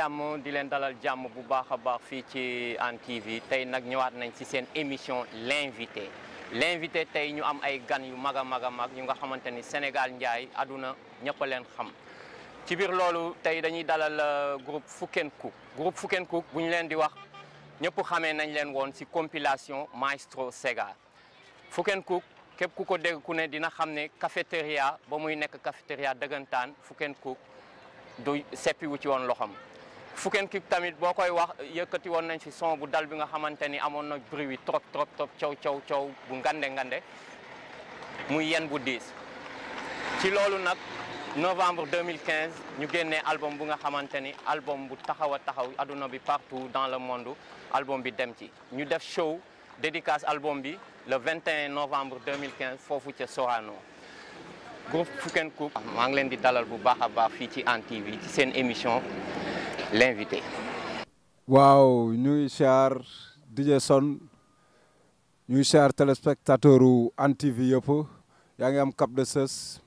jàmm di leen dalal jàmm bu baakha baax ci Hann TV nak ñëwaat nañ ci seen émission l'invité l'invité tay ñu am ay gan yu maga a mag ñu nga xamanteni Sénégal ndjay aduna ñepp leen xam ci bir lolu tay dañuy dalal euh, groupe Foukenkook groupe Foukenkook bu ñu leen di wax ñepp xamé nañ leen won ci compilation Maestro Sega Foukenkook kep ku ko dégg ku ne dina xamné cafétéria ba muy nek cafétéria dëggantaan Foukenkook du seppi wu ci won loxam Fouken kip tamit bokoy wax yëkëti won nañ ci son bu dal bi nga xamanteni ni na bruit bi trop trop trop caw caw caw bu ngandé muy yen bu ci lolu nak novembre 2015 ñu génné album bu nga xamanteni album bu taxawa taxaw aduna bi partout dans le monde album bi dem ci ñu def show dédicace album bi le 21 novembre 2015 fofu ci Sorano groupe Fouken Coupe ma ngi leen di dalal bu baax a baax fii ci Antv TV ci seen émission l'invité. new ñuy siyaar new Son ñuy siyaar téléspectateur u Hann TV yëpp Cap de Sess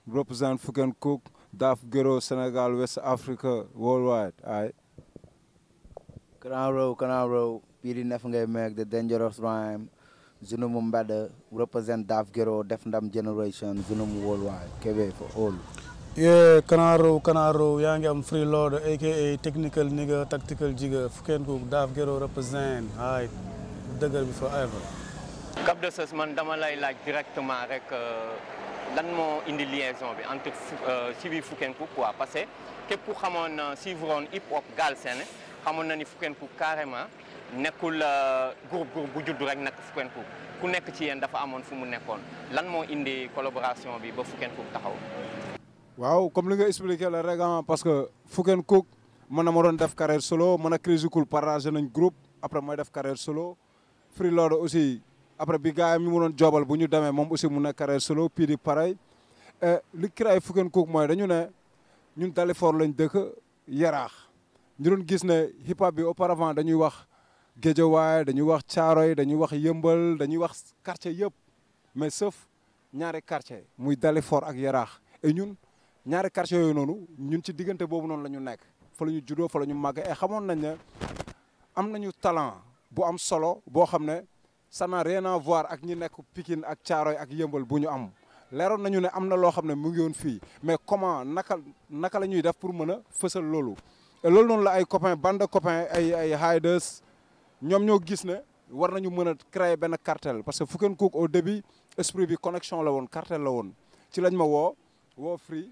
Fucking Cook Daf Sénégal West Africa worldwide Aye. Canal Row Canal Row bii di the dangerous rhyme Zunum Mbada represent Daf Giro, Def Generation Zunum worldwide Kébé for all Yeah, Kanaro, Kanaro, young I'm free lord, aka technical nigga, tactical jigger, fucking cook, Dav Gero represent. Hi, dëggal bi forever. Cap de Sës dama lay laaj directement rek euh, lan moo indi liaison bi entre euh, Sibi Fuken Cook quoi parce que képp ku xamoon euh, suivroon hip hop Galsen xamoon na ni Fuken Cook carrément nekkul groupe groupe bu juddu rek nekk Fuken Cook ku nekk ci yéen dafa amoon fu mu nekkoon lan moo indi collaboration bi ba Fuken Cook taxaw. waaw comme li nga expliqué la rek ah, parce que Fuk Cook man na ma doon def carrière solo man a Crazy Cool partagé nañ groupe après mooy def carrière solo Free Lord aussi après bi gars yi mu doon joobal bu ñu demee moom aussi mu nekk carrière solo puis di pareil eh, li créé Fuk Cook mooy dañu ne ñun Dalifort lañ dëkk yaraax ñu doon gis ne hip hop bi auparavant dañuy wax Géejawaay dañuy wax Caaroy dañuy wax Yëmbal dañuy wax quartier yëpp mais sauf ñaari quartier muy Dalifort ak yaraax ñaari quartier yooyu noonu ñun ci diggante boobu noonu lañu nekk fa la ñu juddoo fa la ñu màgg et xamoon nañ ne am nañu talent bu am solo boo xam ne ça n'a rien à voir ak ñi nekk Pikine ak Thiaroye ak Yëmbal bu ñu am leeroon nañu ne am na loo xam ne mu ngi woon fii mais comment naka naka la ñuy def pour mën a fësal loolu et loolu noonu la ay copains bande de copains ay ay ñoom ñoo gis ne war nañu mën a créer benn cartel parce que Fuk N Kuk au début esprit bi connexion la woon cartel la woon ci lañ ma woo woo Free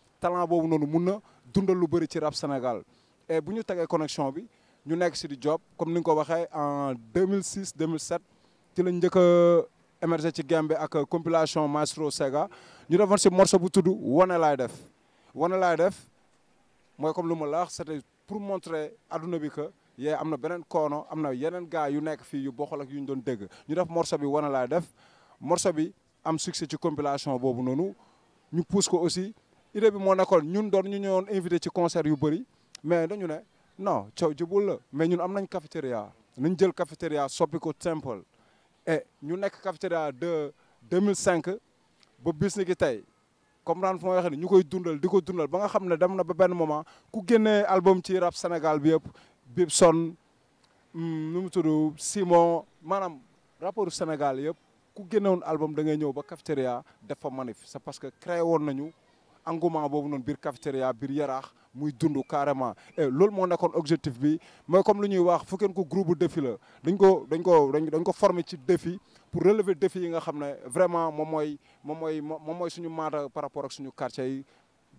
talent bobu noonu muna na dundal lu bëri ci rap Sénégal et buñu tagué connexion bi ñu nekk ci di job comme ni nga ko en 2006 2007 ci la njëkk a émerger ci Gambie ak compilation Maestro Sega ñu defoon morceau bu tuddu wane laay def wane laay def moy comme luma ma la wax c'était pour montrer aduna bi que yé amna benen beneen koono am na yeneen yu nekk fi yu bokkul ak yu ñu doon dégg ñu def morceau bi wane laay def morceau bi am succès ci compilation bobu noonu ñu pousse ko aussi idée bi moo nekkoon ñun doon ñu woon invité ci concert yu bari mais dañu ne non coow jubul la mais ñun am nañ cafétéria nañ jël cafétéria soppi ko simple et ñu nekk cafétéria de 2005 ba bis ki tey comme fu may waxee ni ñu koy dundal di dundal ba nga xam ne dem na ba benn moment ku génnee album ci rap Sénégal bi yëpp Bibson nu mu tudd Simon maanaam rapport Sénégal yëpp ku génne génnewoon album da ngay ñëw ba cafétéria def fa manif c'est parce que créé woon nañu engouement boobu noonu biir cafétéria biir yaraax muy dundu carrément et loolu moo nekkoon objectif bi mooy comme lu ñuy wax fu kenn ko groupe défi la dañ ko dañ ko dañ ko former ci défi pour relever défi yi nga xam ne vraiment moom mooy moom mooy moom mooy suñu maata par rapport ak suñu quartier yi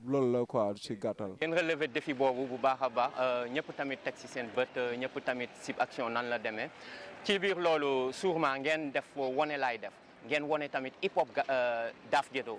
loolu la quoi ci gàttal. ngeen relever défi boobu bu baax a baax euh, ñëpp tamit teg ci seen bët euh, ñëpp tamit ci action nan la demee ci biir loolu sûrement ngeen def wane laay def ngeen wane tamit hip hop euh, Daaf Ghetto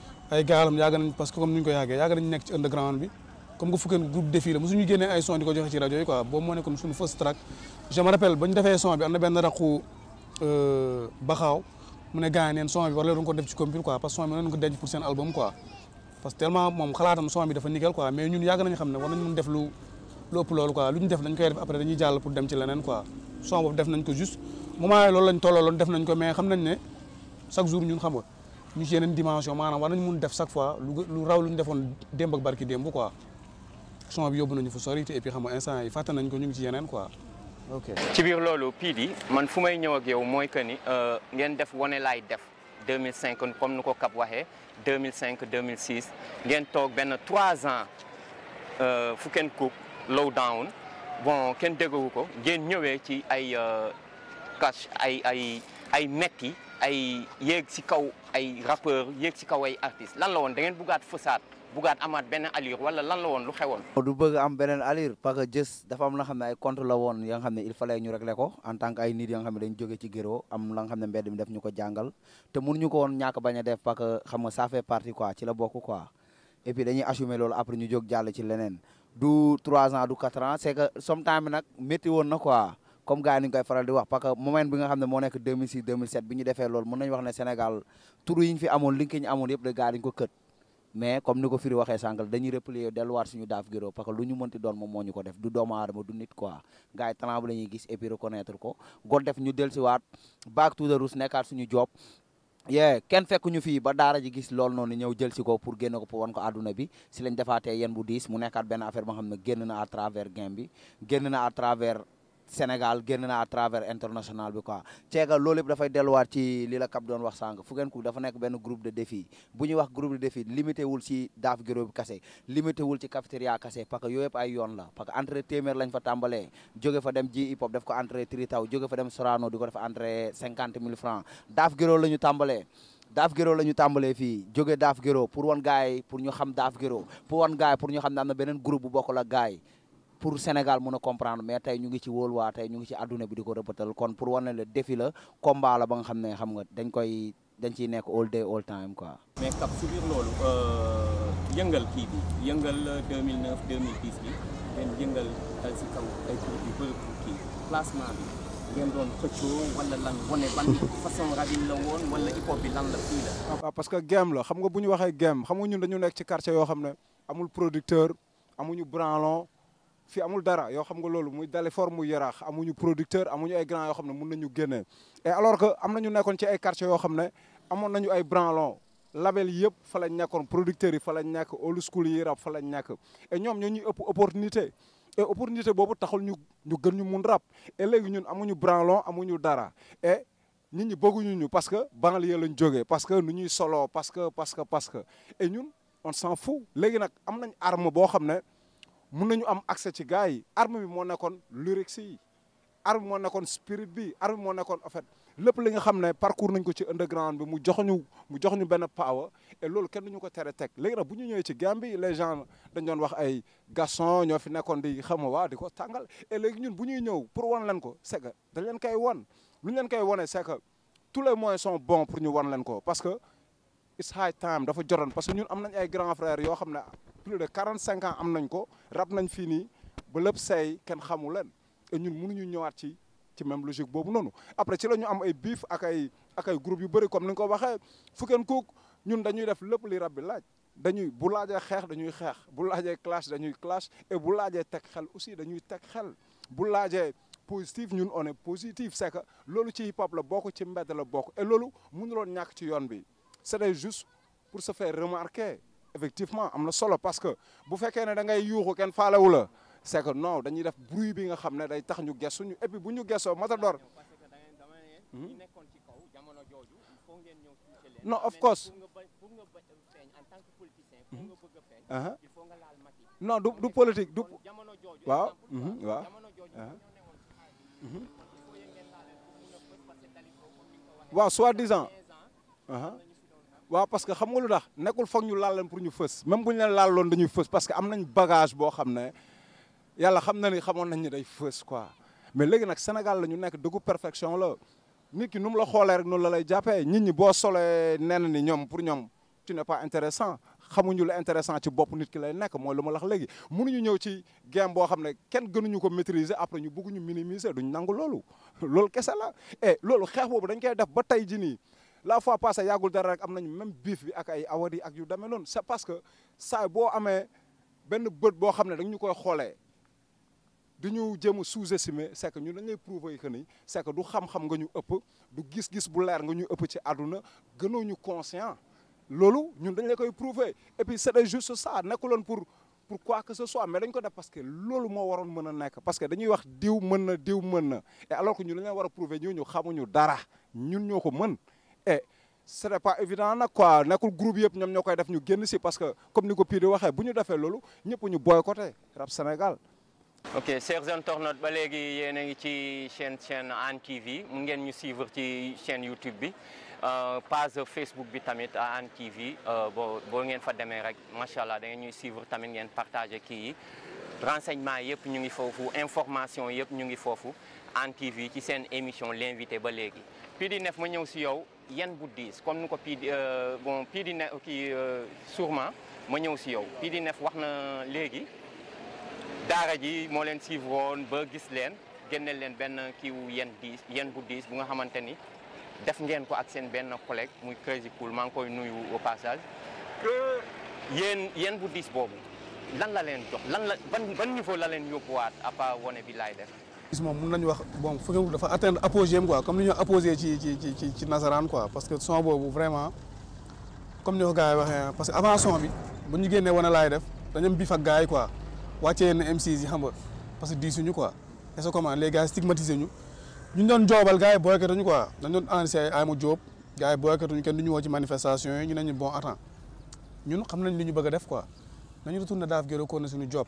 ay gaalam yàgg nañ parce que comme ni ñu ko yàggee yàgg nañ nekk ci underground bi comme que fukkeen groupe défi la mosuñu génnee ay son di ko joxe ci rajo yi quoi boobu moo nekkoon suñu first son bi am na benn euh, neen son bi war leen ko def ci compil quoi parce que son bi nañ ko denc pour seen album quoi parce que moom xalaatam son bi dafa nickel quoi mais ñun yàgg nañ xam ne war nañ mën def lu lu ëpp loolu quoi lu ñu def dañ koy def après dañuy jàll pour dem ci leneen quoi son boobu def nañ ko juste moment yooyu xam nañ ne chaque jour ñun xam ñu ci yeneen dimension maanaam war nañ mun def chaque fois lu raw lu ñu defoon démb ak barki démb quoi son bi yóbbu nañu fu sori te et xam nga instant yi fàtte nañ ko ñu ngi ci yeneen quoi ci biir loolu Pidi man fu may ñëw ak yow mooy que ni euh, ngeen def wone laay def 2005 comme nu ko Cap waxee 2005 2006 ngeen toog benn 3 ans euh, fu kenn coupe low down bon kenn déggagu ko ngeen ñëwee ci ay euh, cash ay ay ay metti ay yéeg si kaw ay rappeur yéeg si kaw ay artistes lan la woon da ngeen bugaat fësaat bugaat amaat benn allure wala lan la woon lu xewoon. Oh, du bëgg am beneen allure parce que jës dafa am la nga ay compte la woon ya nga xam ne il fallait ñu régler ko en tant que ay nit ya nga xam ne dañ jóge ci géro am la nga mbedd mi def ñu ko jàngal te mënuñu ko woon ñàkk a def parce que xam nga ça fait partie quoi ci la bokk ñu jóg jàll ci leneen du 3 ans du 4 ans c'est que sometime nag métti woon na quoi. comme gars yi ñu koy faral di wax parce que moment bi nga xam ne moo nekk 2006 2007 bi ñu defee loolu mën nañu wax ne Sénégal tur yi fi amoon li amoon yëpp de gars yi kët mais comme ni ko Firi waxee sàngal dañuy replier suñu daaf giro parce lu ñu mënti doon moom moo ñu ko def du doomu aadama du nit quoi gars yi gis et puis ko god def ñu dellusiwaat back to the roots nekkaat suñu job yee kenn fekk ñu fii ba daara ji gis loolu noonu ñëw jël si Sénégal génn na travers international bi quoi ceega loolu yëpp dafay delluwaat ci li la kap doon wax sànq fu ngeen ko dafa nekk benn groupe de défi bu ñuy wax groupe de défi limité wul si daaf giro bi kase limité wul ci cafétéria kase parce que yooyu yëpp ay yoon la parce que entrée téeméer lañ fa tàmbalee jóge fa dem ji hip hop daf ko entrée tri taw jóge fa dem Sorano di ko def entrée cinquante mille francs daaf giro la ñu tàmbalee daaf gero la ñu tàmbalee fii jóge daaf gero pour wan gaay pour ñu xam daaf gero pour wan gaay pour ñu xam ne am na beneen groupe bu bokk la gaay pour Sénégal mun a comprendre mais tey ñu ngi ci wóolu waa tey ñu ngi ci àdduna bi di ko rëppatal kon pour wane le défi la combat la ba nga xam ne xam nga dañ koy dañ ciy nekk all day all time quoi. mais kap su loolu euh, yëngal kii bi yëngal 2009 2010 bi lan wane ban façon rabine la woon wala hip bi lan la fii la. waaw parce que game la xam nga bu ñu waxee game xam nga ñu dañu nekk ci quartier yoo xam ne amul producteur amuñu branlon. fii amul dara yoo xam nga loolu muy dale forme mu yaraax amuñu producteur amuñu ay grand yoo xam ne mun nañu génne et alors que am na nañu nekkoon ci ay quartiers yoo xam ne amoon nañu ay branlon label yëpp fa lañ nekkoon producteur yi fa lañ nekk old school yi rap fa lañ nekk et ñoom ñoo ñuy ëpp opportunité et opportunité boobu taxul ñu ñu gën ñu mun rap et léegi ñun amuñu branlon amuñu dara e nit ñi bëgguñu ñu parce que banlieue lañ jógee parce que nu ñuy soloo parce que parce que parce que ñun on s'en fout léegi nag am nañ arme boo xam ne mun nañu am accès ci gaay arme bi moo nekkoon lyrics yi arme moo nekkoon spirit bi arme moo nekkoon en fait lépp li nga xam ne parcours nañ ko ci underground bi mu joxñu mu joxñu benn power et loolu kenn duñu ko tere teg léegi nag bu ñu ñëwee ci Gambie les gens dañ doon wax ay garçon ñoo fi nekkoon di xam nga waa di ko tàngal et léegi ñun bu ñuy ñëw pour wan leen ko c'est que dañ leen koy wan lu ñu leen koy wane c'est que tous les moyens sont bons pour ñu wan leen ko parce que it's high time dafa joroon parce que ñun am nañ ay grands frères yoo xam ne plus de 45 ans amnañ ko rap nañ fii nii ba lépp seey kenn xamu leen et ñun mënuñu ñëwaat ci ci même logique bobu nonu après ci lañu am ay beef ak ay ak ay groupe yu bari comme niñ ko waxe fuken kook ñun dañuy def lepp li rabbi laaj dañuy bu laajé xex dañuy xex bu laajé clash dañuy clash et bu laajé tek xel aussi dañuy tek xel bu laajé positif ñun on est positif c'est que lolu ci hip hop la boko ci mbedd la boko et lolu mënu mënuloon ñak ci yoon bi c'est juste pour se faire remarquer effectivement am solo parce que bu fekkee ne da ngay yuuxu kenn c'est que non dañuy def bruit bi nga xam day tax ñu ñu et puis bu ñu gesoo matador. non of course. non du du politique du. Hmm, waaw waaw. Uh-huh. Hmm. waaw Soit disant waaw parce que xam nga lu tax nekul foog ñu laal leen pour ñu fës même buñ leen laal laaloon dañuy fës parce que am nañ bagage bo xam yalla xam na ni xamoon nañ ni day fës quoi mais légui nak Sénégal la ñu nekk dëggu perfection la nit ki num la xolé rek non la lay jappé nit ñi bo solé nen ni ñom pour ñom tu n'es pas intéressant xamuñu lu intéressant ci bop nit ki lay nekk mooy luma wax légui mënuñu ñëw ci game bo xam ne kenn gënuñu ko maîtriser après ñu bëgguñu minimiser duñ nangul lolu lolu kessa la et eh, lolu xex bobu dañ koy def ba tay ji ni la fois passée yàggul dara rek am même biif bi ak ay awari ak yu demee c'est parce que saa bo amé benn beut bo xamné ne dañu koy xoolee du ñu sous-estimer c'est que ñu dañ lay prouver que ni c'est que du xam-xam nga ñu ëpp du gis-gis bu leer nga ñu ëpp ci aduna gëno ñu conscient lolu ñun dañ lay koy prouver et puis c'est juste ça nekkuloon pour pour quoi que ce soit mais dañ ko def parce que lolu mo waron mëna nek parce que dañuy wax diw mëna na diw mën et alors que ñu lañ leen war ñu ñu xamu ñu dara ñun ñoko mëna et eh, ce n'est pas évident nag quoi nekkul groupe yep ñom ñoo koy def ñu génn ci parce que comme niko Pire waxe buñu ñu defee loolu ñëpp ñu boycotter rap Sénégal. ok chers internautes ba légui yéen ngi ci chaîne chaîne Hann TV mu ngeen ñu suivre ci chaîne YouTube bi euh page Facebook bi tamit à Hann TV euh, boo boo ngeen fa démé rek machallah da ngeen ñuy suivre tamit ngeen partager ki renseignement yep ñu ngi fofu information yep ñu ngi fofu Hann TV ci sen émission l'invité ba légui fii di neuf ma ñew ci yow yan bu diis comme ni ko euh, bon pii di ne kii euh, sûrement ma ñëw si yow pii di nef wax na léegi daara ji moo leen suivre woon ba gis leen génneel leen benn kiiwu yen diis yen bu diis bu nga xamante def ngeen ko ak seen benn collègue muy Crazy Cool man ngi koy nuyu au passage que yéen bu diis bobu lan la leen jox lan la ban ban niveau la leen yóbbuwaat à part woné bi lay def gis moom mun nañu wax bon fekkewu dafa atteindre apogée am comme ni ñu apogée ci ci ci ci nasaraan quoi parce que son boobu vraiment comme ni ko gars yi waxee parce que avant son bi bu ñu génnee wane laay def dañu am bif ak yi quoi wàccee yenn MCs xam nga parce que diisuñu quoi et ce ñu ñu doon joobal gars yi boykatuñu quoi dañ doon enregistré ay Ayma Diop gars yi boykatuñu kenn du ñu woo ci manifestation yi ñu ne ñu bon attends ñun xam nañ li ñu bëgg def quoi nañu retourné daaf gërëm koo na suñu job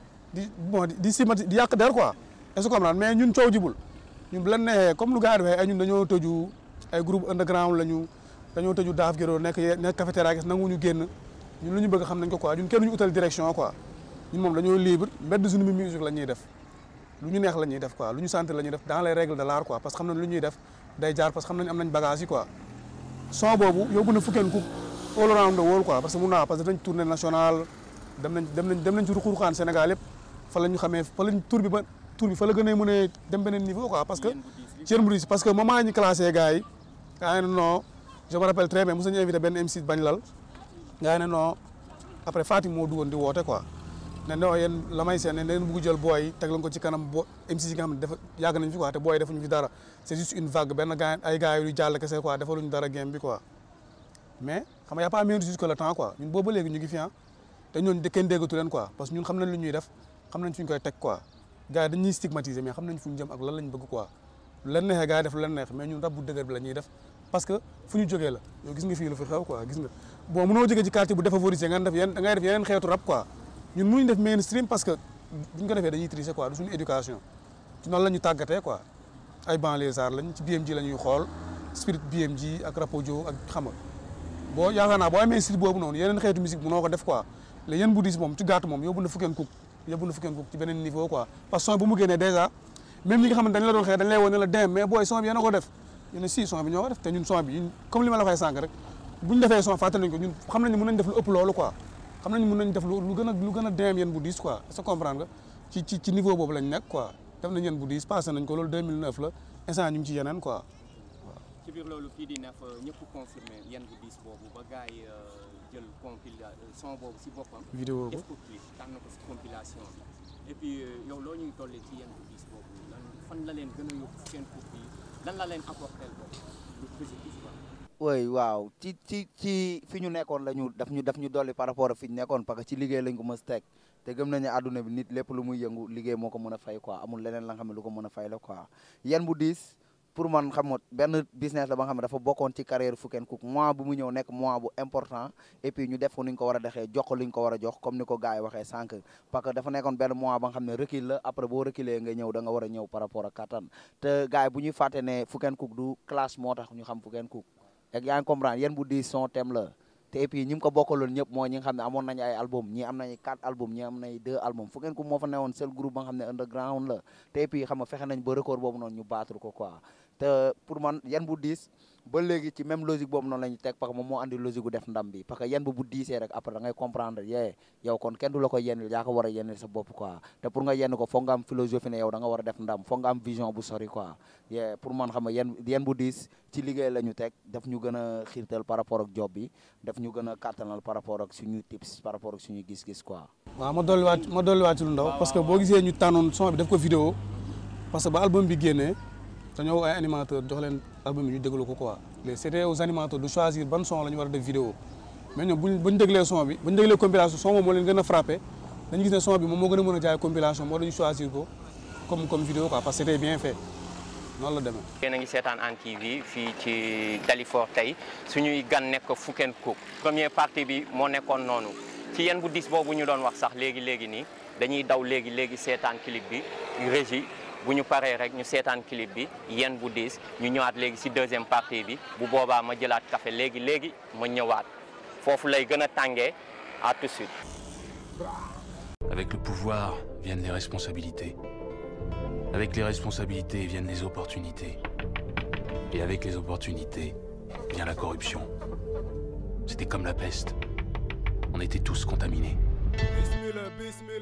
di bon di simati di yàq der quoi est-ce que comprendre mais ñun coow jibul ñun bu leen neexee comme lu gars yi dañoo tëju ay groupe underground la ñu dañoo tëju daaf géroo nekk nekk cafétéria gis nanguñu génn ñun lu ñu bëgg xam nañ ko quoi ñun kenn ñu utal direction quoi ñun moom dañoo libre mbedd suñu mi musique la ñuy def lu ñu neex la ñuy def quoi lu ñu santé la ñuy def dans les règles de l'art quoi parce que xam nañ lu ñuy def day jaar parce que xam nañ am nañ bagage fa la ñu xamee fa lañ tur bi ba fa la gën a mën a dem beneen niveau quoi parce que yéen bu parce que moment yi ñu classé gars yi gars yi ne non après Fatick moo duggoon di woote quoi ne non yéen la may seen ne leen ko ci kanam bo yàgg nañ fi quoi te booy yi defuñu fi dara c' est une vague benn gars ay gars yu jàll kese quoi dara game bi quoi mais xam nga pas mieux juste que le temps quoi ñun léegi ñu ngi fi ah leen quoi que ñun xam nañ lu ñuy def xam nañ fu ñu koy teg quoi gars yi dañuy stigmatiser mais xam nañ fu ñu jëm ak lan lañ bëgg quoi lu leen neexee gars yi def lu leen neex mais rab bu dëgër bi la ñuy def parce que fu ñu jógee la yow gis nga fii lu fi xew quoi gis nga bon mënoo jógee ci quartier bu défavorisé nga def yenn ngay def yeneen xeetu rab quoi ñun mënuñ def mainstream parce que buñ la ñu tàggatee quoi ay banlieusards lañ ci BMG la ñuy xool spirit BMG ak rapojo ak xama boo yaakaar naa boo amee yeneen xeetu musique mënoo ko def quoi léegi yeneen bouddhisme moom ci gàtt moom yóbbu na fukkeen il nu qui ci de niveau quoi parce que son bu mu même ñi nga xam ont dañ la doon xëy dañ lay ils ne la dem mais booy son bi on a def gens qui son bi ñoo ko def ñun comme la waxee ils rek des gens qui son fàttali nañ ko ñun xam nañ Ils def lu ëpp loolu quoi xam nañ mën def lu a lu gën a dem bu diis quoi est-ce que comprendre nga ci ci ci niveau boobu ils nekk quoi def bu qui passé nañ ko 2009 la instant ñu ci quoi ci jël compila euh, son boobu si boppam. si compilation bi. et puis euh, yow loo ñuy tollee ci yenn bis boobu lan la leen gën a yóbbu leen apporté boobu lu positif waaw ci ci ci fi ñu nekkoon la ñu ñu daf ñu dolli par rapport ak fi ñu nekkoon parce que ci liggéey lañ ko mës teg te gëm nañu àdduna bi nit lépp lu mu yëngu liggéey moo ko mën a fay quoi amul leneen la xam ne lu ko mën a fay la quoi yan bu diis. pour man xam nga benn business la ba xam ne dafa bokkoon ci carrière Fuk n a dexee jox ko li ñu ko war a jox comme ni ko gars yi waxee sànq parce que moo am nañu quatre album ñi am nañu deux album Fuk n Cook moo fa newoon seul groupe ba xam ne underground la te et puis fexe nañ ba record boobu noonu ñu battre ko quoi te pour man yan bu diis ba léegi ci même logique boobu noonu la ñu teg parce que moom moo andi logique gu def ndam bi parce que yan bu bu diisee rek après da ngay comprendre yee yow kon kenn du la ko yenil yaa ko war a yenil sa bopp quoi te pour nga yenn ko foog nga am philosophie ne yow da nga war a def ndam foog nga am vision bu sori quoi yee pour man xam nga yan yan bu diis ci liggéey la ñu teg daf ñu gën a xiirtal par rapport ak job bi daf ñu gën a kàttanal par rapport ak suñu tips par rapport ak suñu gis-gis quoi waaw ma dolliwaat ma dolliwaat ci lu ndaw parce que boo gisee ñu tànnoon son bi daf ko vidéo parce que ba album bi génnee dañoo woo ay animateur jox leen album yi ñu déglu ko quoi mais c'était aux animateurs de choisir ban son la ñu war a def vidéo mais ñoom buñ buñ déglee son bi buñ déglee compilation son moom moo leen gën a frappé dañu gis ne son bi moom moo gën a mën a jaay compilation moo dañu choisir ko comme comme vidéo quoi parce que c'était bien fait noonu la demee. yéen a ngi seetaan Hann TV fii ci Dalifort tey suñuy gan nekk Fukkenkoog premier partie bi moo nekkoon noonu ci yéen bu dis boobu ñu doon wax sax léegi léegi nii dañuy daw léegi léegi seetaan clip bi régie bu ñu paree rek ñu seetaan clip bi yéen bu diis ñu ñëwaat ci deuxième partie bi bu boobaa ma jëlaat café léegi léegi ma ñëwaat lay a à tout de suite. Avec le pouvoir viennent les responsabilités. Avec les responsabilités viennent les opportunités. Et avec les opportunités vient la corruption. C'était comme la peste. On était tous contaminés.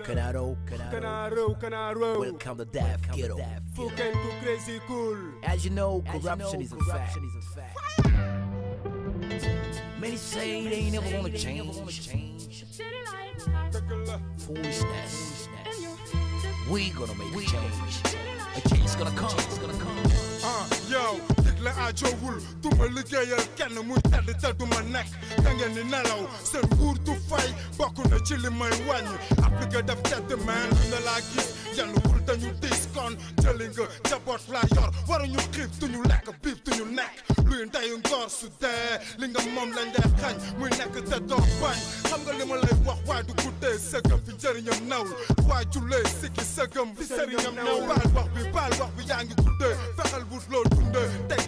Canaro, Canaro, Canaro. Welcome to Death Ghetto. Fucking too crazy cool. As you know, corruption, is, a fact. Many say they ain't never gonna change. Foolishness. We gonna make a change. A change's gonna come. A change's gonna come. Uh, yo. nit la aajowul du ma liggéeyal kenn muy tedd te du ma nekk da ngeen ni nelaw seen wuur du fay bokk na ci li may wàññi appliqué def tedd man la laa gis yanuwul dañu dis kon jëli nga jaboot laa yor waruñu xiif duñu lekk biif duñu nekk luy ndeyu ngor su dee li nga moom lañ dee xañ muy nekk te doo bañ xam nga li ma lay wax waaye du guddee sëgëm fi jëriñam nawul waaye jullee sikki sëgëm fi sëriñam nawul baal wax bi baal wax bi yaa ngi guddee fexeel wut loo dundee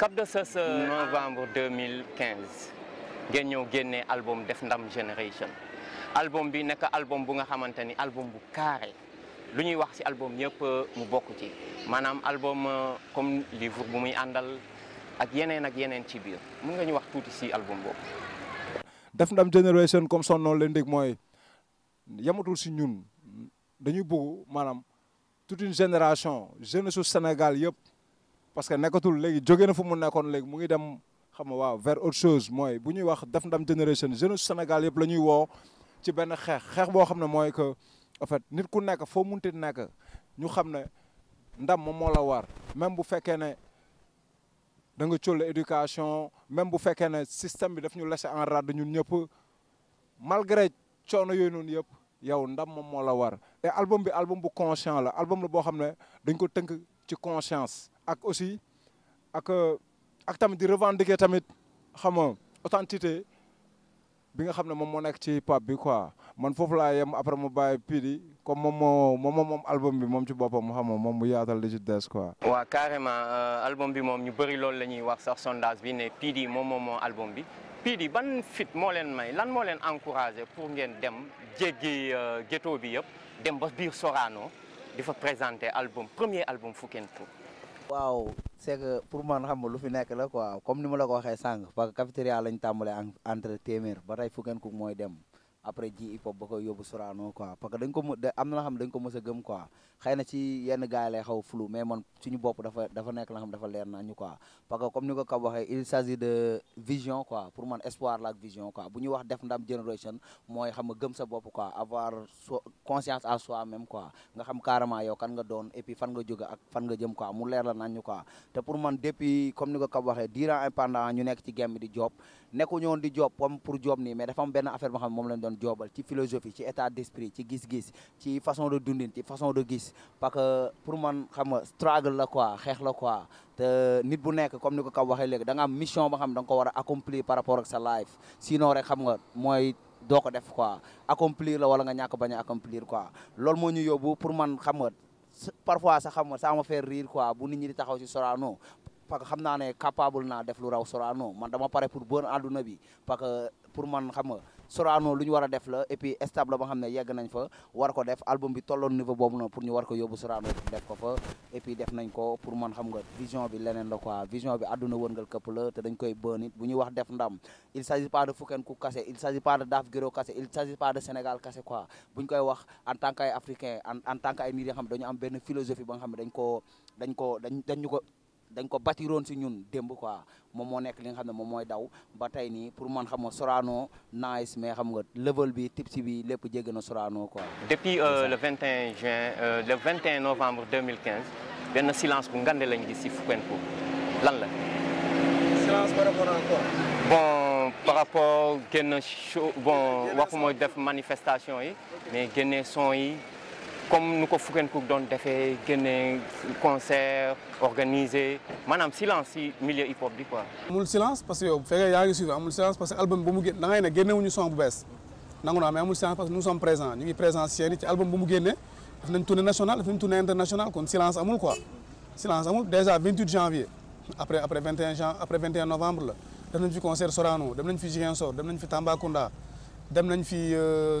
Cap de Ceuse euh, novembre 2015 ngeen ñëw génnee album def ndam Generation. album bi nekk album bu nga xamante album bu carré lu ñuy wax ci album yëpp euh, mu bokk ci maanaam album euh, comme livre bu muy àndal ak yeneen ak yeneen ci biir mën nga wax tuuti ci album boobu. def ndam Generation comme son nom l'indique mooy yamatul ci ñun dañuy bëgg maanaam toute une génération jeune su Sénégal yëpp parce que nekatul léegi jóge na fu mu nekkoon léegi mu ngi dem xam nga waaw vers autre chose mooy bu ñuy wax daf Ndam generation jeune Sénégal yëpp la ñuy woo ci benn xeex xeex boo xam ne mooy que en fait nit ku nekk foo munti nekk ñu xam ne ndam moom moo la war même bu fekkee ne da nga cóol éducation même bu fekkee ne système bi daf ñu laisser en rade ñun ñëpp malgré coono yooyu noonu yëpp yow ndam moom moo la war et album bi album bu conscient la album la boo xam ne dañ ko tënk ci conscience ak aussi ak euh, ak tamit di revendiquer tamit xam authenticité bi nga xam mom mo nek ci pap bi quoi man fofu la yam après mo bàyyi Pidi comme mom mom mom moom album bi mom ci boppam mu xam moom mu yaatal li ci des quoi. wa carrément euh, album bi mom ñu bari lool lañuy wax sax sondage bi ne Pidi mom mom moo album bi Pidi ban fit moo leen may lan mo len encourager pour ngeen dem jéggi euh, ghetto bi yëpp dem ba bir Sorano di fa présenter album premier album Foukentou. waaw c'est que pour man xam nga lu fi nekk la quoi comme ni ma la ko waxee sànq parce que cafétéria lañ tàmbalee entre téeméer ba tey Fuk and Cook mooy dem après ji hip hop ba koy yóbbu Sorano quoi parce que am na la xam dañ ko mës a gëm quoi xëy na ci yenn gars yi xaw flou mais man suñu bopp dafa dafa nekk la xam dafa leer na quoi parce que comme ni ko Kab waxee il s'agit de vision quoi pour man espoir la ak vision quoi bu ñuy wax def ndam génération mooy xam nga gëm sa bopp quoi ñu nekk ci game di job nekku ñoon di job pour job nii mais dafa am benn affaire boo xam ne moom doon doon joobal ci philosophie ci état d'esprit ci gis-gis ci façon de dundin ci façon de gis parce que man xam nga la quoi xeex la quoi te nit bu nekk comme ni ko kaw waxee léegi da nga am mission ba xam da war accomplir la wala nga ñàkk bañ a accomplir quoi loolu moo ñu yóbbu pour man xam parfois sax xam nga ça m'a fait rire quoi bu nit ñi di taxaw ci Sorano parce que xam naa ne capable naa def lu raw Sorano man dama pare pour bon àdduna bi parce que man xam Sorano lu ñu war a def la et puis ba nga xam ne yegg nañ fa war ko def album bi tolloon niveau boobu noonu pour ñu war ko yóbbu Sorano def ko fa et puis def nañ ko pour man xam nga vision bi leneen la quoi vision bi àdduna wërngal këpp la te dañ koy bënit bu ñuy wax def ndam il s'agit pas de Fouken ku kase il s'agit pas de Daf Giro kase il s'agit pas de Sénégal kase quoi bu ñu koy wax en tant que ay africain en tant que ay nit yoo xam ne am benn philosophie ba nga xam ko dañ ko batiroon ci ñun demb quoi mom mo nek li nga xamne mom moy daw ba tay ni pour man xam nga Sorano nice mais xam nga level bi tipsi bi lepp jéggi na Sorano quoi. depuis euh, le 21 juin euh, le 21 novembre 2015 ben silence bu ngandé lañ gis si Foucaincourt lan la. silence par rapport encore. bon par rapport génn show bon waxuma def manifestation yi mais genné son yi comme nu ko Fukkenkook doon defee génne concert organisé maanaam silence si milieu hip hop quoi. amul silence parce que yow bu fekkee yaa amul silence parce que album bu mu génne da ngay ne génnewuñu son bu bees nangu mais amul silence parce que nous sommes présents nous ngi présents si ci album bu mu génne daf nañ tournée nationale daf nañ tournée internationale kon silence amul quoi silence amul déjà 28 janvier après après 21 jan après 21 novembre la def nañ fi concert Sorano dem nañ fi sor dem nañ fi Tambacounda dem nañ fi. Euh,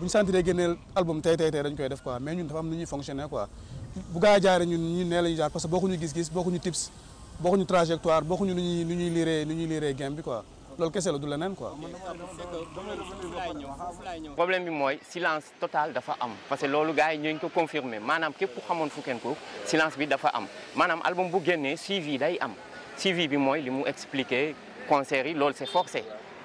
buñ santiré sentiree album tey tey tey dañ koy def quoi mais ñun dafa am ñuy fonctionner quoi bu gaa yi ñun ñi né lañu ñuy jaar parce que bokkuñu gis-gis bokkuñu tips ñu trajectoire bokkuñu ñu ñuy ñuy liré ñuy liré game bi quoi lool kese la du leneen quoi. problème bi moy silence total dafa am parce que loolu gaay yi ngi ko confirmer manam képp ku xamoon ko silence bi dafa am manam album bu génnee suivi day am suivi bi moy limu expliquer expliqué concert yi loolu c'est forcé.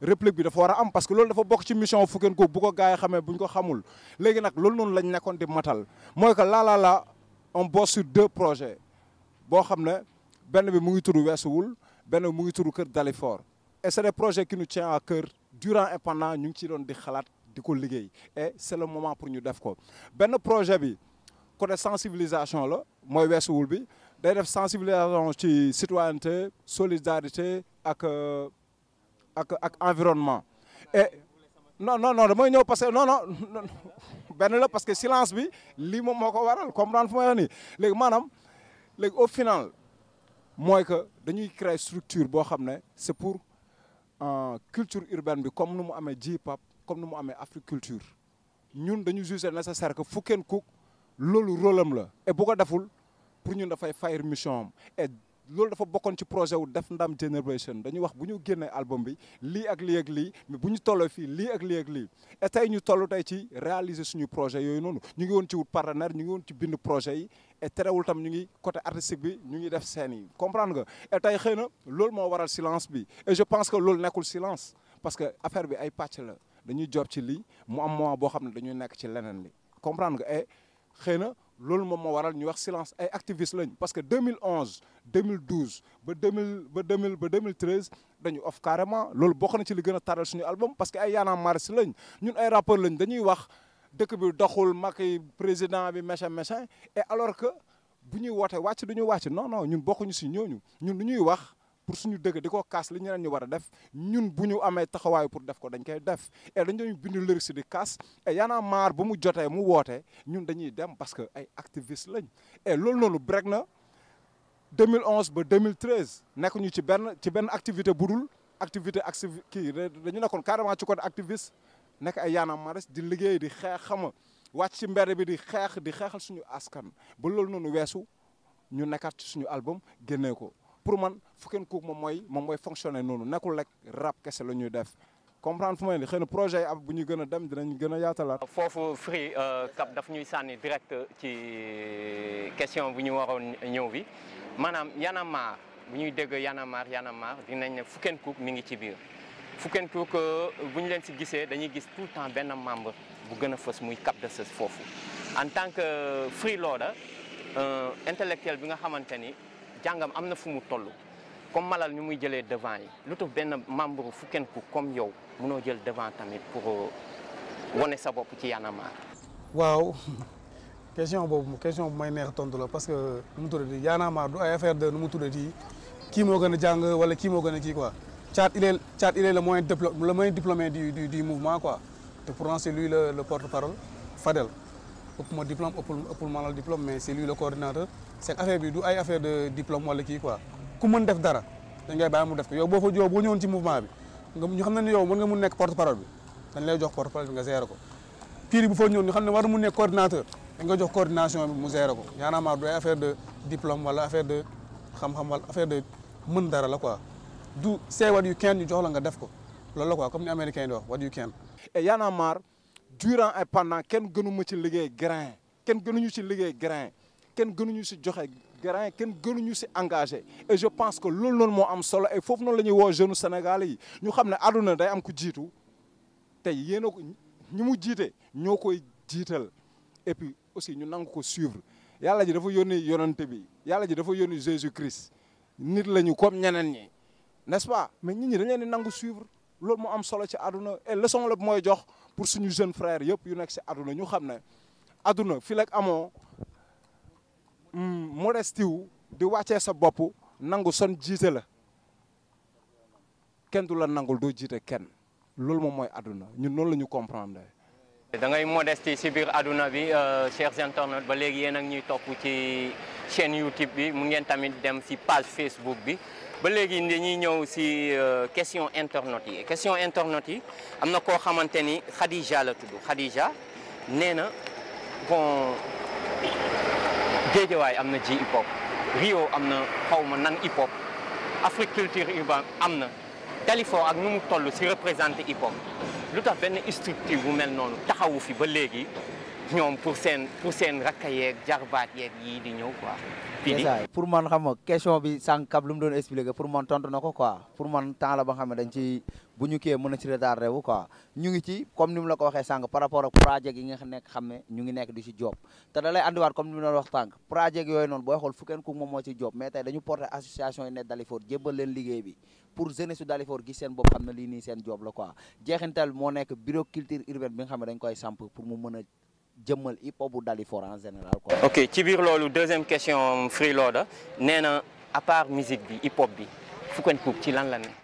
réplique bi dafa war am parce que loolu dafa bok ci mission Fuken ko bu ko gaay xamé buñ ko xamul légui nak loolu non lañ nekkoon di matal moy que la la la on bosse sur deux projets bo xamné ne benn bi mu ngi tudd weesuwul benn mu ngi tudd kër Dalifort et c'est des projets qui nous tient à cœur durant et pendant ñu ci doon di xalat di ko liggéey et c'est le moment pour ñu def ko benn projet bi côté sensibilisation la moy weesuwul bi day def sensibilisation ci citoyenneté solidarité ak euh, avec l'environnement. environnement et non non non non non ben parce que silence bi au final moi que dañuy créer structure boo c'est pour euh, culture urbaine bi comme nous j comme nécessaire que Cook rôle et pour mission loolu dafa bokkoon ci projet wu Def Ndam Generation dañuy wax buñu ñu album bi li ak li ak li mais buñu tollo fi li ak li ak li et tay ñu tollu tay ci réaliser suñu projet yoy noonu ñu ngi won ci wut partenaire ñu ngi won ci bind projet yi et terewul tam ñu ngi côté artistique bi ñu ngi def scène yi comprendre nga et tay xeyna na mo waral silence bi et je pense que loolu nekul silence parce que affaire bi ay patch la dañuy job ci li mu am moment bo xamne dañuy nekk ci lenen li comprendre nga et xeyna moment où moo waral ñu wax silence ay activistes parce que 2011 2012 2013 dañu off carrément bokk na ci li sur taral album parce que ay a lañ ñun ay rappeur lañ dañuy wax bi doxul président bi machin et alors que bu ñuy woote non non ñun bokkuñu ci ñooñu ñun lu ñuy wax. pour suñu dëgg di ko kaas li ñu leen ñu war a def ñun bu ñu amee taxawaay pour def ko dañ koy def et dañ doon bind lyrics si di kaas et Y'en a marre bu mu jotee mu wootee ñun dañuy dem parce que ay activiste lañ et loolu noonu break na 2011 ba 2013 nekk ñu ci benn ci benn activité bu dul activité ak kii dañu nekkoon carrément ci côté activiste nekk ay Y'en a di liggéey di xeex xama wàcc ci bi di xeex di xeexal suñu askan ba loolu noonu weesu ñu nekkaat ci suñu album génnee ko pour man Fuk Cook moom mooy moom mooy fonctionner noonu nekkul rek rap kese la ñuy def comprendre fu may ni xëy projet yi ab bu ñu gën a dem dinañ gën a yaatalaat. foofu Free euh, Cap dafa ñuy sànni direct ci question bu ñu waroon ñëw bi maanaam Y'en bu ñuy dégg Y'en a marre Y'en a marre dinañ ne Fuk Cook mi ngi ci biir Fuk Cook euh, bu ñu leen si gisee dañuy gis tout temps benn membre bu gën a fës muy Cap de Sës foofu en tant que Freeloader euh, intellectuel bi nga xamante ni. jangam amna na fu mu toll comme malal ni muy jëlee devant yi lu ben membre fukkeen ku comme yow mëno jël devant tamit pour euh, woné sa bopp ci yanama waaw question boobu question bu may neex tontu la parce que mu tuddati di yanama du ay affaire de mu tuddati kii ki mo gëna jang wala ki mo gëna ki quoi chat il est Thiat il est le moyen diplômé le moyen diplômé du du du mouvement quoi te pourtant c'est lui le le porte-parole Fadel ëpp ma diplôme ëppul ëppul ma diplôme mais c'est lui le coordinateur. seen affaire bi du ay affaire de diplôme wala kii quoi ku mën def dara dañ ngay bàyyi mu def ko yow boo fa yow boo ñëwoon ci mouvement bi nga ñu xam ne ne yow mën nga mun nekk porte parole bi dañ lay jox porte parole bi nga gérer ko pire bu fa ñëwoon ñu xam ne war mu nekk coordinateur dañ nga jox coordination bi mu gérer ko yaanaama du ay affaire de diplôme wala affaire de xam-xam wala affaire de mën dara la quoi du say what you can ñu jox la nga def ko loolu la quoi comme ni américain di wax what you can et kenn gënu ma ci liggéey grain kenn gënuñu ci liggéey grain engagé et je pense que ce noonu nous am solo et nous jeunes Sénégalais Nous savons que nous day am ku nous et puis aussi nous devons ko suivre Nous ji nous yónni yonante bi Nous ji Jésus Christ Nous lañu comme ñeneen ñi n'est-ce pas mais nous ñi suivre Nous sommes am solo ci et leçon pour suñu Nous frère frères. yu nekk si nous ñu Hm, modestie wu di wàccee sa bopp nangou son djité la ken dou la nangoul do djité ken loolu moom moy aduna ñun non lañu comprendre. da ngay modestie ci bir aduna bi euh chers internautes ba légui yéen ak ñuy top ci chaîne YouTube bi mu ngeen tamit dem ci page Facebook bi. ba léegi dañuy ñëw ci euh, question internautes yi question internautes yi amna ko xamanteni Khadija la tuddu Khadija néna na bon. géejawaay am na ji hip hop Rio am na xaw ma nan hip Afrique culture urbaine am na Dalifort ak nu mu toll si représenté hip lu tax benn structure bu mel noonu taxawu fi ba léegi ñoom pour seen pour seen rakka yeeg jarbaat yeeg yii di ñëw quoi fii pour man xam nga question bi sànqab lu mu doon expliqué pour man tontu na pour man temps la ba nga dañ ci bu ñu kee mën a ci retard wu quoi ñu ngi ci comme ni mu la ko waxee sànq par rapport ak projet yi nga nekk xam ne ñu ngi nekk di si job te da lay andiwaat comme ni mu doon wax sànq projet yooyu noonu booy xool fukkeen ku moom moo si job mais dañu porté association yi ne Dalifort liggéey bi pour jeunesse su Dalifort gis seen bopp xam ne lii nii seen job la quoi jeexintal moo nekk bureau culture urbaine bi nga xam ne dañ koy samp pour mu a jëmmal hip hop bu Dalifort en général quoi. ok ci biir loolu deuxième question Free Loader néna à part musique bi hip hop bi coup ci lan la ne.